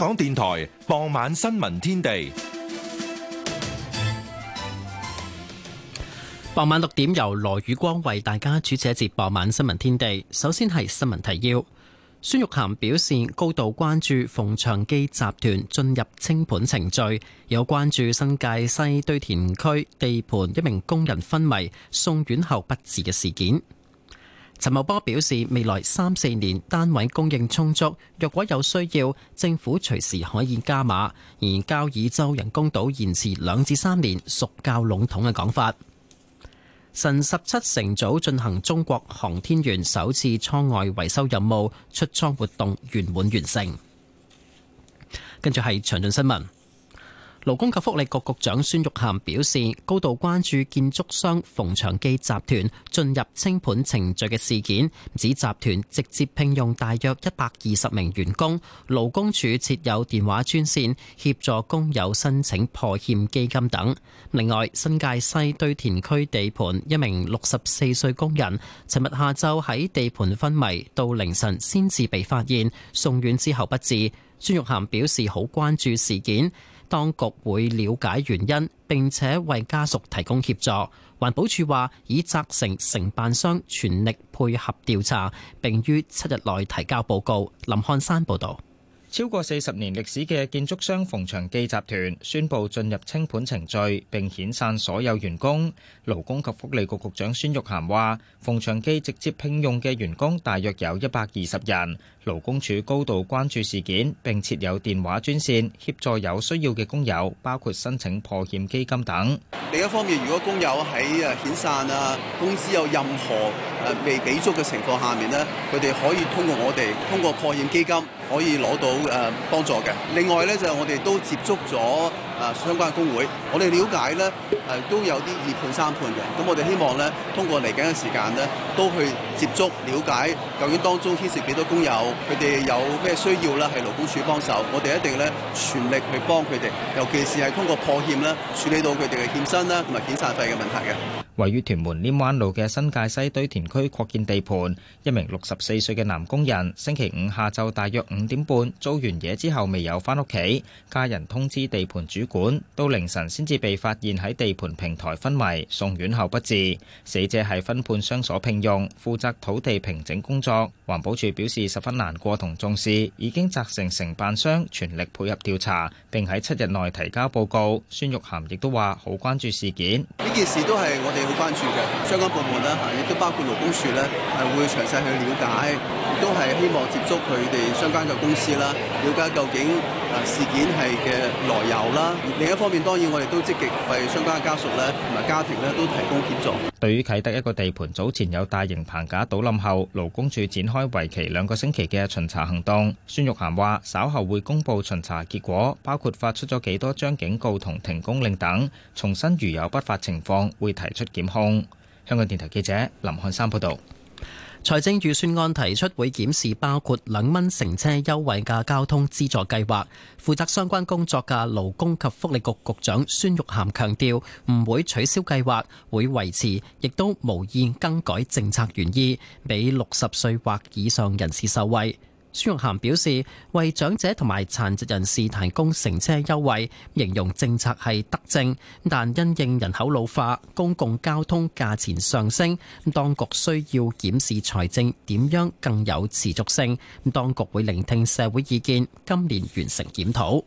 港電台傍晚新聞天地，傍晚六點由羅宇光為大家主持一節傍晚新聞天地。首先係新聞提要，孫玉涵表示高度關注馮長基集團進入清盤程序，有關注新界西堆填區地盤一名工人昏迷，送院後不治嘅事件。陳茂波表示，未來三四年單位供應充足，若果有需要，政府隨時可以加碼。而交椅洲人工島延遲兩至三年屬較籠統嘅講法。神十七乘組進行中國航天員首次艙外維修任務出艙活動圓滿完成。跟住係詳盡新聞。勞工及福利局局長孫玉菡表示，高度關注建築商逢長基集團進入清盤程序嘅事件，指集團直接聘用大約一百二十名員工。勞工處設有電話專線，協助工友申請破欠基金等。另外，新界西堆填區地盤一名六十四歲工人，尋日下晝喺地盤昏迷，到凌晨先至被發現送院之後不治。孫玉菡表示，好關注事件。當局會了解原因，並且為家屬提供協助。環保署話，已責成承辦商全力配合調查，並於七日內提交報告。林漢山報導。超過四十年歷史嘅建築商馮祥記集團宣布進入清盤程序，並遣散所有員工。勞工及福利局局長孫玉菡話，馮祥記直接聘用嘅員工大約有一百二十人。勞工處高度關注事件，並設有電話專線協助有需要嘅工友，包括申請破欠基金等。另一方面，如果工友喺啊遣散啊，公司有任何誒未俾足嘅情況下面咧，佢哋可以通過我哋通過破欠基金可以攞到。誒，幫助嘅。另外咧，就係、是、我哋都接觸咗啊相關工會，我哋了解咧，誒，都有啲二判三判嘅。咁我哋希望咧，通過嚟緊嘅時間咧，都去接觸了解究竟當中牽涉幾多工友，佢哋有咩需要咧，係勞工署幫手。我哋一定咧全力去幫佢哋，尤其是係通過破欠咧處理到佢哋嘅欠薪啦，同埋遣散費嘅問題嘅。位於屯門稔灣路嘅新界西堆填區擴建地盤，一名六十四歲嘅男工人星期五下晝大約五點半做完嘢之後未有返屋企，家人通知地盤主管，到凌晨先至被發現喺地盤平台昏迷，送院後不治。死者係分判商所聘用，負責土地平整工作。環保署表示十分難過同重視，已經責成承辦商全力配合調查，並喺七日內提交報告。孫玉涵亦都話好關注事件，呢件事都係我哋，關注嘅相關部門啦嚇，亦都包括勞工處咧，係會詳細去了解，亦都係希望接觸佢哋相關嘅公司啦，了解究竟。事件係嘅來由啦。另一方面，當然我哋都積極為相關嘅家屬咧同埋家庭咧都提供協助。對於啟德一個地盤早前有大型棚架倒冧後，勞工處展開為期兩個星期嘅巡查行動。孫玉涵話：稍後會公布巡查結果，包括發出咗幾多張警告同停工令等。重新如有不法情況，會提出檢控。香港電台記者林漢山報道。財政預算案提出會檢視包括兩蚊乘車優惠嘅交通資助計劃。負責相關工作嘅勞工及福利局局長孫玉菡強調，唔會取消計劃，會維持，亦都無意更改政策原意，畀六十歲或以上人士受惠。孫玉菡表示，為長者同埋殘疾人士提供乘車優惠，形容政策係德政，但因應人口老化，公共交通價錢上升，當局需要檢視財政點樣更有持續性。當局會聆聽社會意見，今年完成檢討。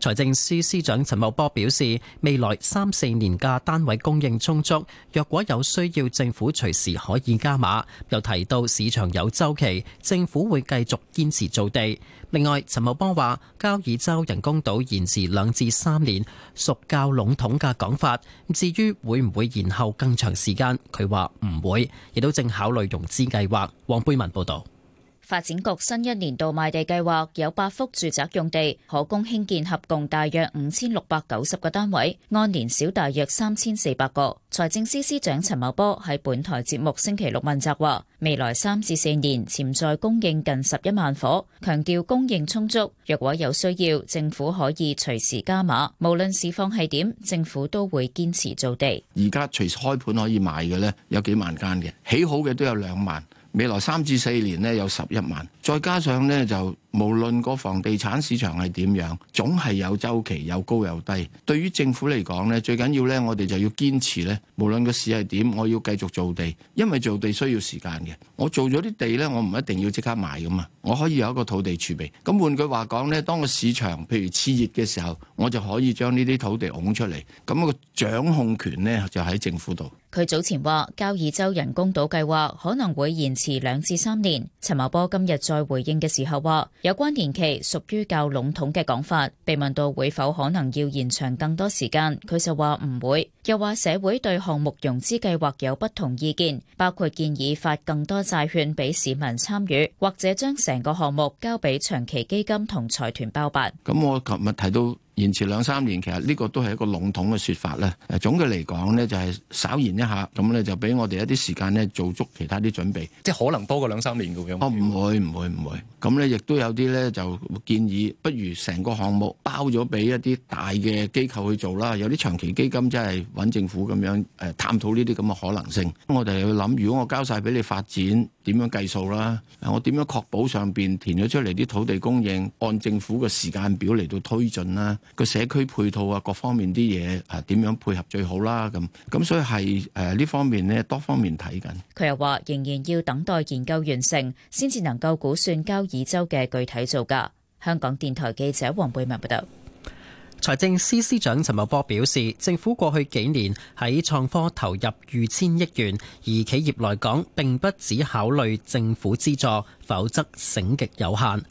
財政司司長陳茂波表示，未來三四年嘅單位供應充足，若果有需要，政府隨時可以加碼。又提到市場有周期，政府會繼續堅持造地。另外，陳茂波話，交椅洲人工島延遲兩至三年，屬較籠統嘅講法。至於會唔會延後更長時間，佢話唔會，亦都正考慮融資計劃。黃貝文報導。發展局新一年度賣地計劃有八幅住宅用地可供興建，合共大約五千六百九十個單位，按年少大約三千四百個。財政司司長陳茂波喺本台節目星期六問責話，未來三至四年潛在供應近十一萬伙，強調供應充足，若果有需要，政府可以隨時加碼。無論市況係點，政府都會堅持造地。而家隨時開盤可以賣嘅呢，有幾萬間嘅，起好嘅都有兩萬。未來三至四年咧有十一萬，再加上咧就無論個房地產市場係點樣，總係有周期，有高有低。對於政府嚟講咧，最緊要咧，我哋就要堅持咧，無論個市係點，我要繼續做地，因為做地需要時間嘅。我做咗啲地咧，我唔一定要即刻賣㗎嘛，我可以有一個土地儲備。咁換句話講咧，當個市場譬如熾熱嘅時候，我就可以將呢啲土地拱出嚟。咁個掌控權咧就喺政府度。佢早前話，交椅洲人工島計劃可能會延遲兩至三年。陳茂波今日再回應嘅時候話，有關年期屬於較籠統嘅講法。被問到會否可能要延長更多時間，佢就話唔會。又話社會對項目融資計劃有不同意見，包括建議發更多債券俾市民參與，或者將成個項目交俾長期基金同財團包辦。咁我琴日提到。延遲兩三年，其實呢個都係一個籠統嘅説法啦。總嘅嚟講咧，就係稍延一下，咁咧就俾我哋一啲時間咧做足其他啲準備，即係可能多過兩三年咁樣。哦，唔會唔會唔會，咁咧亦都有啲咧就建議，不如成個項目包咗俾一啲大嘅機構去做啦。有啲長期基金即係揾政府咁樣誒，探討呢啲咁嘅可能性。我哋去諗，如果我交晒俾你發展，點樣計數啦？我點樣確保上邊填咗出嚟啲土地供應，按政府嘅時間表嚟到推進啦？個社區配套啊，各方面啲嘢啊，點樣配合最好啦？咁咁，所以係誒呢方面呢，多方面睇緊。佢又話，仍然要等待研究完成，先至能夠估算交椅洲嘅具體造價。香港電台記者黃貝文報道。財政司司長陳茂波表示，政府過去幾年喺創科投入逾千億元，而企業來講並不止考慮政府資助，否則省極有限。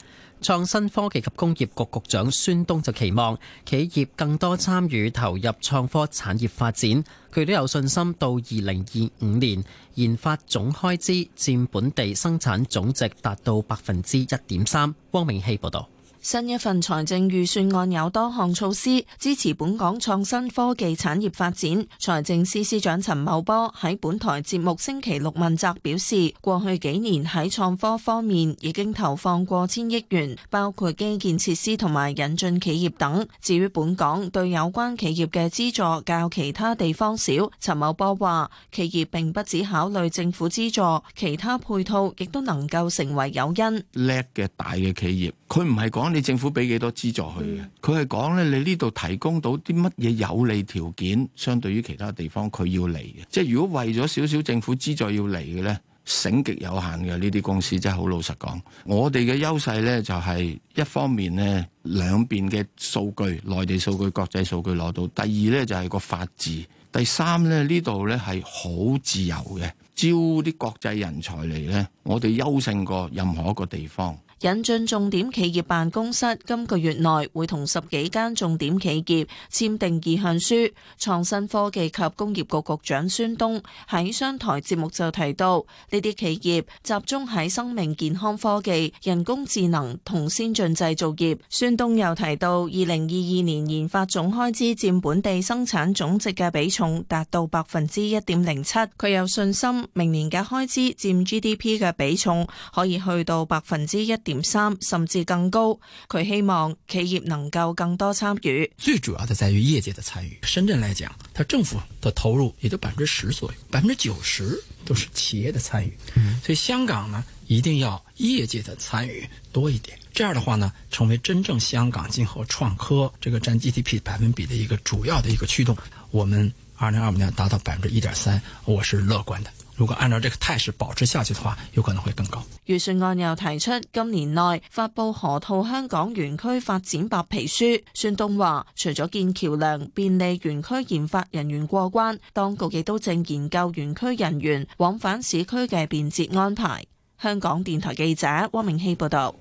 創新科技及工業局局長孫東就期望企業更多參與投入創科產業發展，佢都有信心到二零二五年研發總開支佔本地生產總值達到百分之一點三。汪明希報道。新一份財政預算案有多項措施支持本港創新科技產業發展。財政司司長陳茂波喺本台節目星期六問責表示，過去幾年喺創科方面已經投放過千億元，包括基建設施同埋引進企業等。至於本港對有關企業嘅資助較其他地方少，陳茂波話：企業並不只考慮政府資助，其他配套亦都能夠成為誘因。叻嘅大嘅企業。佢唔係講你政府俾幾多資助佢嘅，佢係講咧你呢度提供到啲乜嘢有利條件，相對於其他地方佢要嚟嘅。即係如果為咗少少政府資助要嚟嘅呢，省極有限嘅呢啲公司，真係好老實講。我哋嘅優勢呢就係一方面呢兩邊嘅數據，內地數據、國際數據攞到；第二呢就係個法治；第三呢呢度呢係好自由嘅，招啲國際人才嚟呢，我哋優勝過任何一個地方。引進重點企業辦公室今個月內會同十幾間重點企業簽訂意向書。創新科技及工業局局長孫東喺商台節目就提到，呢啲企業集中喺生命健康科技、人工智能同先進製造業。孫東又提到，二零二二年研發總開支佔本地生產總值嘅比重達到百分之一點零七，佢有信心明年嘅開支佔 GDP 嘅比重可以去到百分之一點三甚至更高，佢希望企業能夠更多參與。最主要的在於業界的參與。深圳來講，佢政府的投入也就百分之十左右，百分之九十都是企業的參與。嗯、所以香港呢，一定要業界的參與多一點。這樣的話呢，成為真正香港今後創科這個佔 GDP 百分比的一個主要的一個驅動。我們二零二五年達到百分之一點三，我是樂觀的。如果按照這個態勢保持下去的話，有可能會更高。預算案又提出今年內發佈河套香港園區發展白皮書，孫東話：除咗建橋樑便利園區研發人員過關，當局亦都正研究園區人員往返市區嘅便捷安排。香港電台記者汪明熙報道。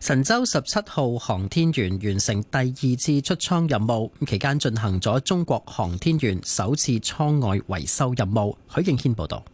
神舟十七號航天員完成第二次出艙任務，期間進行咗中國航天員首次艙外維修任務。許敬軒報道。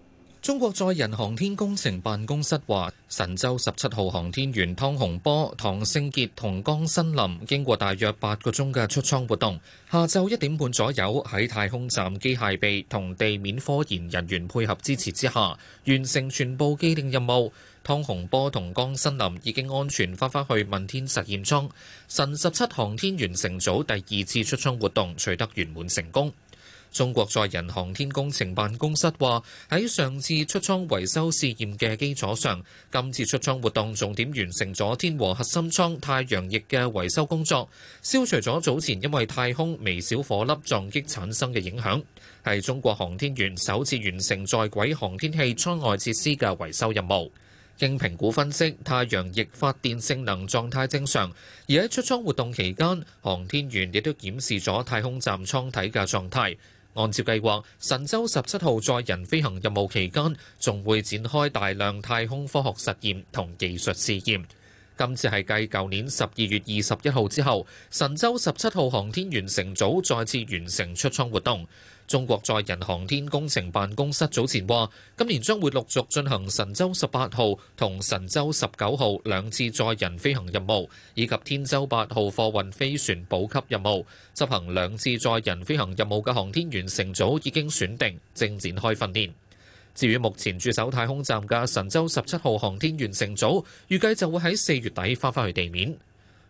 中國載人航天工程辦公室話，神舟十七號航天員湯洪波、唐勝杰、同江新林經過大約八個鐘嘅出艙活動，下晝一點半左右喺太空站機械臂同地面科研人員配合支持之下，完成全部既定任務。湯洪波同江新林已經安全翻返去問天實驗艙。神十七航天員乘組第二次出艙活動取得圓滿成功。中國載人航天工程辦公室話，喺上次出艙維修試驗嘅基礎上，今次出艙活動重點完成咗天和核心艙太陽翼嘅維修工作，消除咗早前因為太空微小火粒撞擊產生嘅影響，係中國航天員首次完成在軌航天器艙外設施嘅維修任務。經評估分析，太陽翼發電性能狀態正常，而喺出艙活動期間，航天員亦都檢視咗太空站艙體嘅狀態。按照計劃，神舟十七號載人飛行任務期間，仲會展開大量太空科學實驗同技術試驗。今次係繼舊年十二月二十一號之後，神舟十七號航天員乘組再次完成出艙活動。中國載人航天工程辦公室早前話，今年將會陸續進行神舟十八號同神舟十九號兩次載人飛行任務，以及天舟八號貨運飛船補給任務。執行兩次載人飛行任務嘅航天員乘組已經選定，正展開訓練。至於目前駐守太空站嘅神舟十七號航天員乘組，預計就會喺四月底翻返去地面。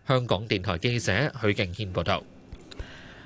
香港電台記者許敬軒報道。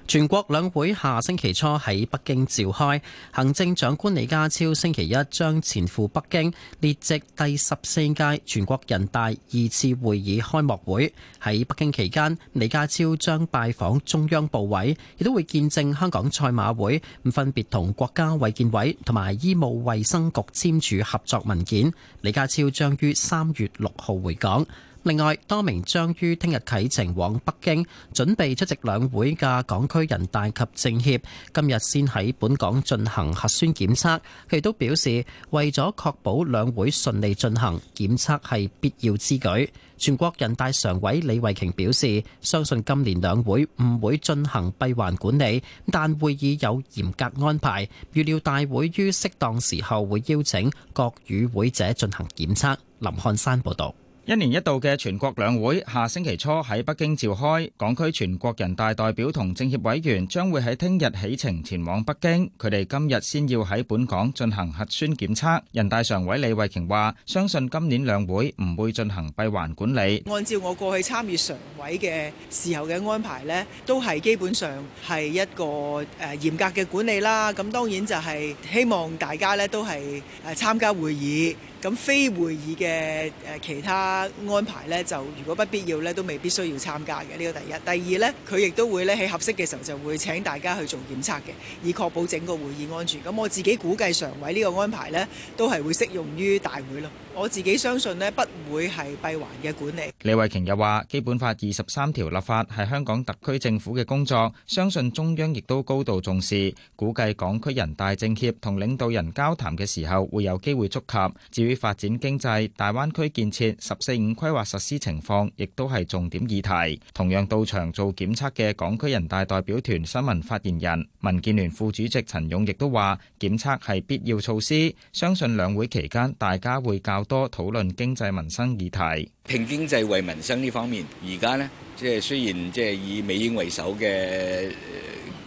全國兩會下星期初喺北京召開，行政長官李家超星期一將前赴北京列席第十四屆全國人大二次會議開幕會。喺北京期間，李家超將拜訪中央部委，亦都會見證香港賽馬會，分別同國家衛健委同埋醫務衛生局簽署合作文件。李家超將於三月六號回港。另外，多名將於聽日啟程往北京準備出席兩會嘅港區人大及政協，今日先喺本港進行核酸檢測。佢亦都表示，為咗確保兩會順利進行，檢測係必要之舉。全國人大常委李慧瓊表示，相信今年兩會唔會進行閉環管理，但會議有嚴格安排。預料大會於適當時候會邀請各與會者進行檢測。林漢山報道。一年一度嘅全國兩會下星期初喺北京召開，港區全國人大代表同政協委員將會喺聽日起程前往北京。佢哋今日先要喺本港進行核酸檢測。人大常委李慧瓊話：相信今年兩會唔會進行閉環管理。按照我過去參與常委嘅時候嘅安排呢，都係基本上係一個誒嚴格嘅管理啦。咁當然就係希望大家呢都係誒參加會議。咁非會議嘅誒其他安排咧，就如果不必要咧，都未必需要參加嘅。呢個第一，第二咧，佢亦都會咧喺合適嘅時候就會請大家去做檢測嘅，以確保整個會議安全。咁我自己估計常委呢個安排咧，都係會適用於大會咯。我自己相信呢，不會係閉環嘅管理。李慧瓊又話：基本法二十三條立法係香港特區政府嘅工作，相信中央亦都高度重視。估計港區人大政協同領導人交談嘅時候會有機會觸及。至於發展經濟、大灣區建設、十四五規劃實施情況，亦都係重點議題。同樣到場做檢測嘅港區人大代表團新聞發言人、民建聯副主席陳勇亦都話：檢測係必要措施，相信兩會期間大家會較多討論經濟民生議題，平經濟為民生呢方面，而家呢，即係雖然即係以美英為首嘅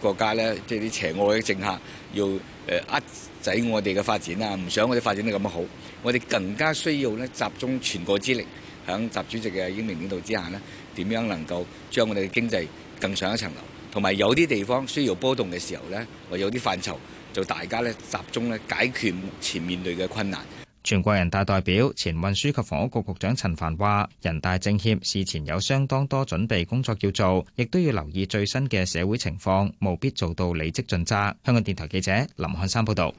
國家呢，即係啲邪惡嘅政客要壓制我哋嘅發展啦，唔想我哋發展得咁好，我哋更加需要呢集中全國之力，響習主席嘅英明領導之下呢，點樣能夠將我哋嘅經濟更上一層樓，同埋有啲地方需要波動嘅時候呢，我有啲範疇，就大家呢集中呢解決目前面對嘅困難。全國人大代表、前運輸及房屋局局長陳帆話：人大政協事前有相當多準備工作要做，亦都要留意最新嘅社會情況，務必做到履職盡責。香港電台記者林漢山報道。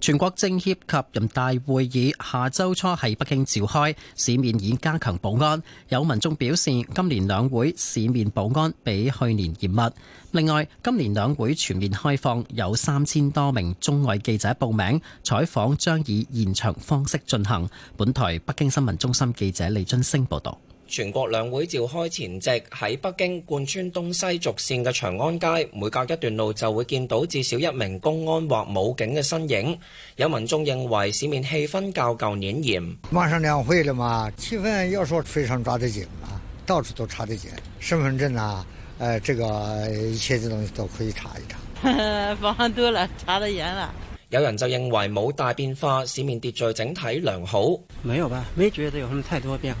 全國政協及人大會議下周初喺北京召開，市面已加強保安。有民眾表示，今年兩會市面保安比去年嚴密。另外，今年兩會全面開放，有三千多名中外記者報名，採訪將以現場方式進行。本台北京新聞中心記者李津升報道。全國兩會召開前夕，喺北京貫穿東西軸線嘅長安街，每隔一段路就會見到至少一名公安或武警嘅身影。有民眾認為市面氣氛較舊年嚴。馬上兩會了嘛，氣氛要說非常抓得緊嘛，到處都查得緊，身份證啊，誒、呃，這個一切嘅東西都可以查一查。防多了，查得嚴了。有人就認為冇大變化，市面秩序整體良好。沒有吧，沒覺得有什麼太多變化。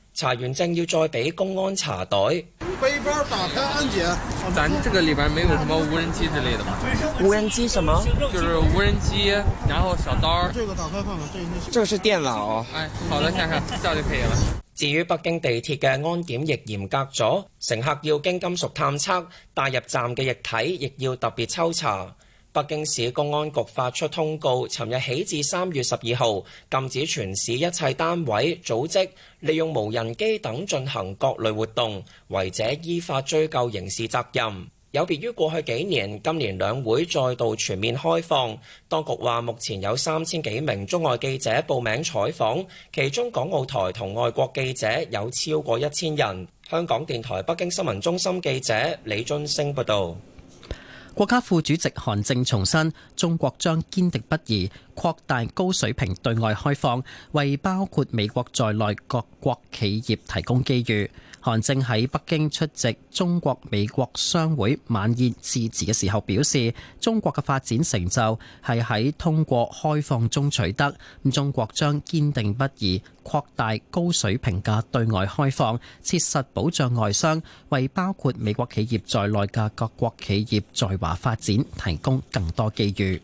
查完證要再俾公安查袋。背包打開安檢。哦。咱這個裏邊沒有什麼無人機之類的嗎？無人機什麼？就是無人機，然後小刀。啊、這個打開看看，這個，是電腦，哦哎。好的，看看，這就可以了。 至於北京地鐵嘅安檢亦嚴格咗，乘客要經金屬探測，帶入站嘅液體亦要特別抽查。北京市公安局發出通告，尋日起至三月十二號禁止全市一切單位組織利用無人機等進行各類活動，違者依法追究刑事責任。有別於過去幾年，今年兩會再度全面開放。當局話目前有三千幾名中外記者報名採訪，其中港澳台同外國記者有超過一千人。香港電台北京新聞中心記者李津升報道。國家副主席韓正重申，中國將堅定不移，擴大高水平對外開放，為包括美國在內各國企業提供機遇。韓正喺北京出席中國美國商會晚宴致辭嘅時候表示，中國嘅發展成就係喺通過開放中取得。中國將堅定不移擴大高水平嘅對外開放，切實保障外商，為包括美國企業在內嘅各國企業在華發展提供更多機遇。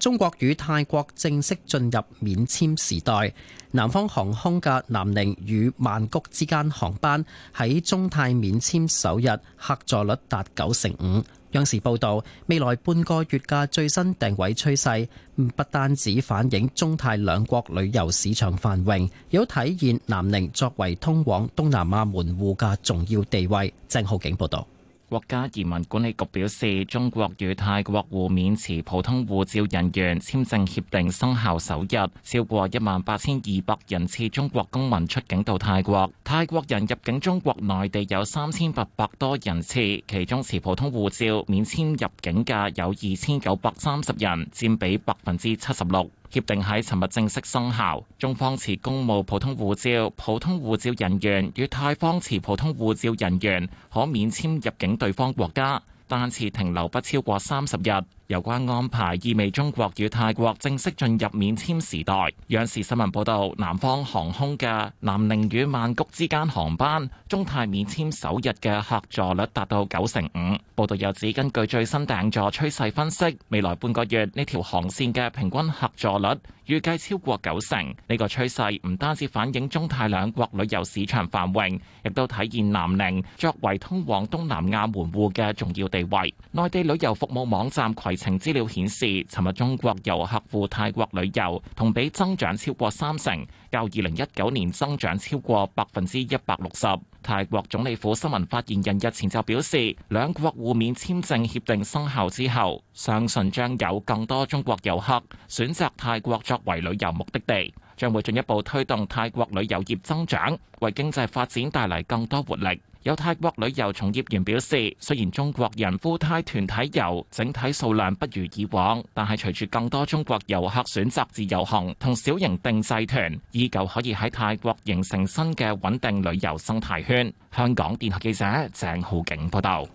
中國與泰國正式進入免簽時代，南方航空嘅南寧與曼谷之間航班喺中泰免簽首日客座率達九成五。央視報導，未來半個月嘅最新定位趨勢，不單止反映中泰兩國旅遊市場繁榮，亦都體現南寧作為通往東南亞門戶嘅重要地位。鄭浩景報導。國家移民管理局表示，中國與泰國互免持普通護照人員簽證協定生效首日，超過一萬八千二百人次中國公民出境到泰國，泰國人入境中國內地有三千八百多人次，其中持普通護照免簽入境嘅有二千九百三十人，佔比百分之七十六。協定喺尋日正式生效，中方持公務普通護照、普通護照人員與泰方持普通護照人員可免簽入境對方國家，單次停留不超過三十日。有關安排意味中國與泰國正式進入免簽時代。央視新聞報道，南方航空嘅南寧與曼谷之間航班，中泰免簽首日嘅客座率達到九成五。報道又指，根據最新訂座趨勢分析，未來半個月呢條航線嘅平均客座率預計超過九成。呢個趨勢唔單止反映中泰兩國旅遊市場繁榮，亦都體現南寧作為通往東南亞門戶嘅重要地位。內地旅遊服務網站攜情資料顯示，尋日中國遊客赴泰國旅遊，同比增長超過三成，較二零一九年增長超過百分之一百六十。泰國總理府新聞發言人日前就表示，兩國互免簽證協定生效之後，相信將有更多中國遊客選擇泰國作為旅遊目的地，將會進一步推動泰國旅遊業增長，為經濟發展帶嚟更多活力。有泰國旅遊從業員表示，雖然中國人赴泰團體遊整體數量不如以往，但係隨住更多中國遊客選擇自由行同小型定製團，依舊可以喺泰國形成新嘅穩定旅遊生態圈。香港電台記者鄭浩景報道。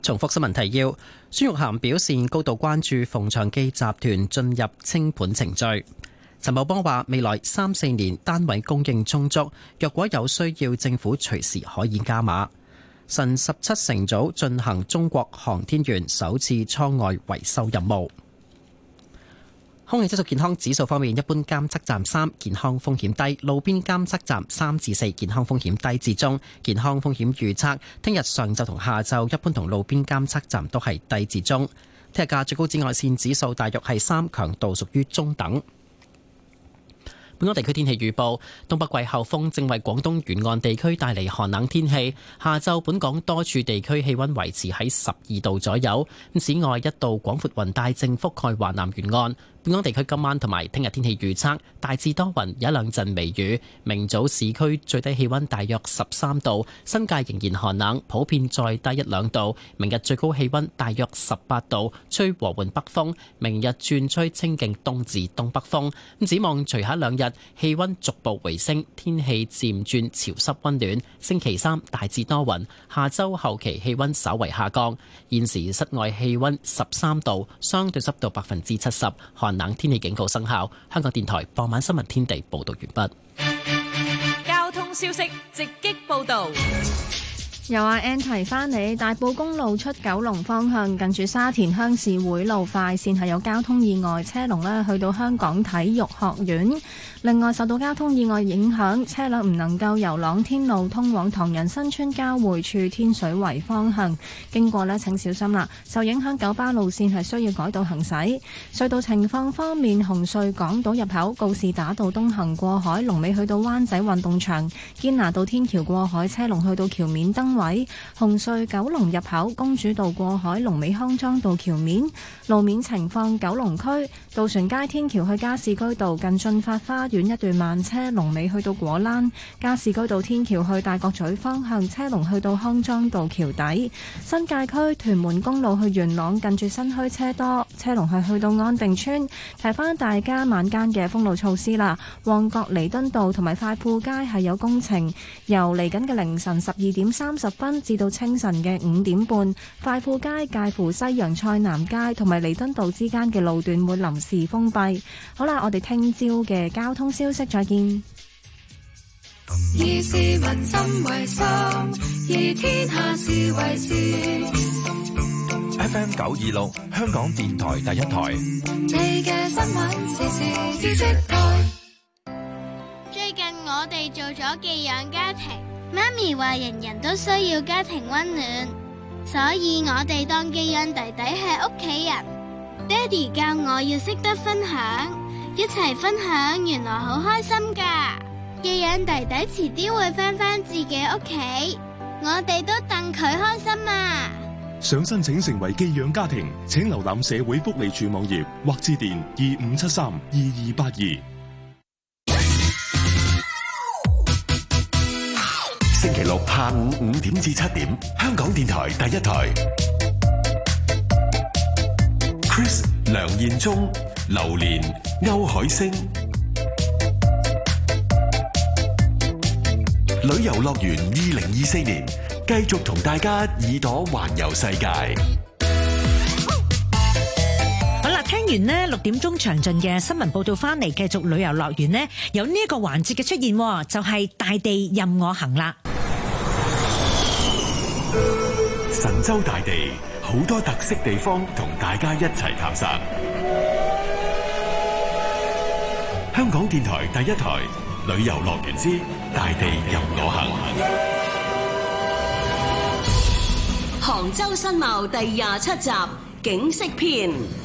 重複新聞提要：孫玉菡表示高度關注逢長基集團進入清盤程序。陳茂波話：未來三四年單位供應充足，若果有需要，政府隨時可以加碼。神十七乘組進行中國航天員首次艙外維修任務。空氣質素健康指數方面，一般監測站三健康風險低，路邊監測站三至四健康風險低至中。健康風險預測，聽日上晝同下晝一般同路邊監測站都係低至中。聽日嘅最高紫外線指數大約係三，強度屬於中等。本港地區天氣預報：東北季候風正為廣東沿岸地區帶嚟寒冷天氣。下晝本港多處地區氣溫維持喺十二度左右。咁此外，一道廣闊雲帶正覆蓋華南沿岸。本港地區今晚同埋聽日天氣預測，大致多雲，有一兩陣微雨。明早市區最低氣溫大約十三度，新界仍然寒冷，普遍再低一兩度。明日最高氣溫大約十八度，吹和緩北風，明日轉吹清勁東至東北風，咁指望隨下兩日氣溫逐步回升，天氣漸轉潮濕溫暖。星期三大致多雲，下周後期氣溫稍為下降。現時室外氣溫十三度，相對濕度百分之七十，寒。冷天氣警告生效。香港電台傍晚新聞天地報道完畢。交通消息直擊報道。又話 anti 翻你，大埔公路出九龍方向，近住沙田鄉市會路快綫係有交通意外，車龍咧去到香港體育學院。另外受到交通意外影響，車輛唔能夠由朗天路通往唐人新村交匯處天水圍方向。經過咧請小心啦，受影響九巴路綫係需要改道行駛，隧道情況方面，紅隧港島入口告士打道東行過海，龍尾去到灣仔運動場堅拿道天橋過海，車龍去到橋面燈。位喺紅隧九龍入口、公主道過海、龍尾康莊道橋面路面情況；九龍區渡船街天橋去加士居道近駿發花園一段慢車龍尾去到果欄；加士居道天橋去大角咀方向車龍去到康莊道橋底；新界區屯門公路去元朗近住新墟車多車龍係去到安定村。提翻大家晚間嘅封路措施啦。旺角彌敦道同埋快富街係有工程，由嚟緊嘅凌晨十二點三，十分至到清晨嘅五點半，快富街介乎西洋菜南街同埋彌敦道之間嘅路段會臨時封閉。好啦，我哋聽朝嘅交通消息再見。F M 九二六，是是 26, 香港電台第一台。最近我哋做咗寄養家庭。媽咪話人人都需要家庭溫暖，所以我哋當寄養弟弟係屋企人。爹哋教我要識得分享，一齊分享原來好開心㗎。寄養弟弟遲啲會返返自己屋企，我哋都戥佢開心啊！想申請成為寄養家庭，請瀏覽社會福利署網頁或致電二五七三二二八二。六，下午五點至七點，香港電台第一台。Chris、梁彥忠、劉蓮、歐海星，旅遊樂園二零二四年繼續同大家耳朵環遊世界。好啦，聽完呢六點鐘詳盡嘅新聞報道翻嚟，繼續旅遊樂園呢有呢一個環節嘅出現，就係大地任我行啦。州大地好多特色地方，同大家一齊探索。香港電台第一台旅遊樂園之《大地任我行》，杭州新貌第廿七集景色篇。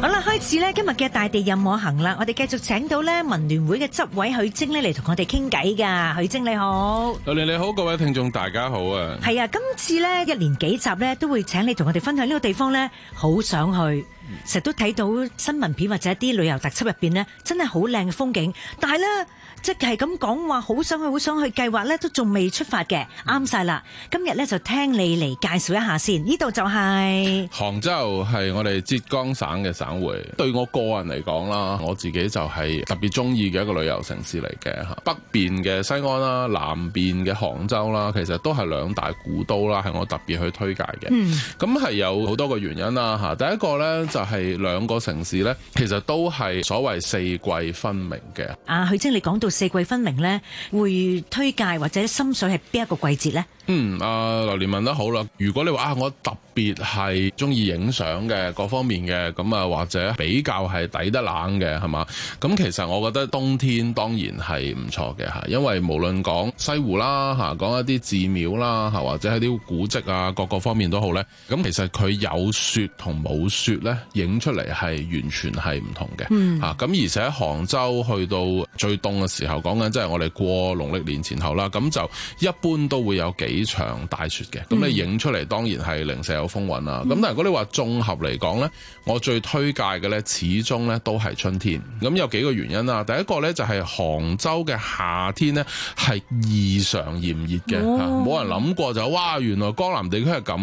好啦，開始咧，今日嘅大地任我行啦，我哋繼續請到咧文聯會嘅執委許晶咧嚟同我哋傾偈噶。許晶你好。你，你好，各位聽眾大家好啊。係啊，今次咧一連幾集咧都會請你同我哋分享呢個地方咧，好想去。成日都睇到新聞片或者啲旅遊特輯入邊呢，真係好靚嘅風景。但係呢，即係咁講話，好想去，好想去計劃呢，都仲未出發嘅。啱晒啦！今日呢，就聽你嚟介紹一下先。呢度就係、是、杭州，係我哋浙江省嘅省會。對我個人嚟講啦，我自己就係特別中意嘅一個旅遊城市嚟嘅嚇。北邊嘅西安啦，南邊嘅杭州啦，其實都係兩大古都啦，係我特別去推介嘅。嗯，咁係有好多個原因啦嚇。第一個呢就。就係兩個城市呢，其實都係所謂四季分明嘅。啊，許晶，你講到四季分明呢，會推介或者心水係邊一個季節呢？嗯，阿劉蓮問得好啦。如果你話啊，我特別係中意影相嘅各方面嘅，咁啊或者比較係抵得冷嘅，係嘛？咁其實我覺得冬天當然係唔錯嘅吓，因為無論講西湖啦吓，講一啲寺廟啦吓，或者係啲古跡啊，各個方面都好咧。咁其實佢有雪同冇雪咧，影出嚟係完全係唔同嘅吓。咁而且杭州去到最凍嘅時候，講緊即係我哋過農曆年前後啦，咁就一般都會有幾場大雪嘅，咁你影出嚟當然係零舍有風雲啦。咁但係如果你話綜合嚟講咧，我最推介嘅咧始終咧都係春天。咁有幾個原因啦。第一個咧就係杭州嘅夏天咧係異常炎熱嘅，冇人諗過就哇，原來江南地區係咁。